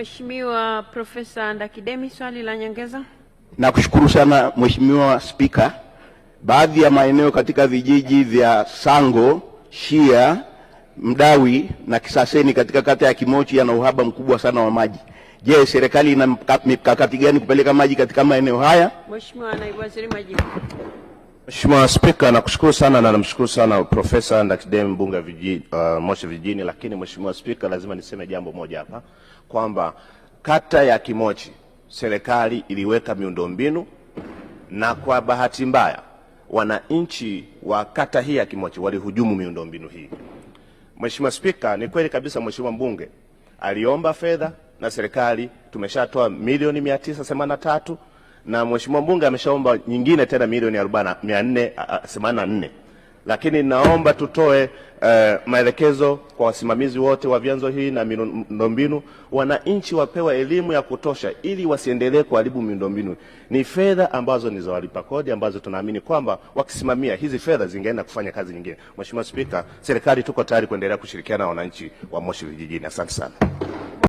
Mheshimiwa Profesa Ndakidemi, swali la nyongeza. Nakushukuru sana Mheshimiwa Spika. Baadhi ya maeneo katika vijiji vya Sango, Shia, Mdawi na Kisaseni katika kata ya Kimochi yana uhaba mkubwa sana wa maji. Je, serikali ina mikakati gani kupeleka maji katika maeneo haya? Mheshimiwa Naibu Waziri, majibu. Mheshimiwa Spika, nakushukuru sana na namshukuru sana Profesa Ndakidemi mbunge uh, Moshi Vijijini. Lakini Mheshimiwa Spika, lazima niseme jambo moja hapa kwamba kata ya Kimochi serikali iliweka miundombinu na kwa bahati mbaya wananchi wa kata hii ya Kimochi walihujumu miundombinu hii. Mheshimiwa Spika, ni kweli kabisa Mheshimiwa mbunge aliomba fedha na serikali tumeshatoa milioni mia tisa themanini na tatu na mheshimiwa mbunge ameshaomba nyingine tena milioni 484, lakini naomba tutoe uh, maelekezo kwa wasimamizi wote wa vyanzo hii na miundombinu, wananchi wapewa elimu ya kutosha ili wasiendelee kuharibu miundombinu. Ni fedha ambazo ni za walipa kodi ambazo tunaamini kwamba wakisimamia hizi fedha zingeenda kufanya kazi nyingine. Mheshimiwa Spika, serikali tuko tayari kuendelea kushirikiana na wananchi wa Moshi vijijini. Asante sana.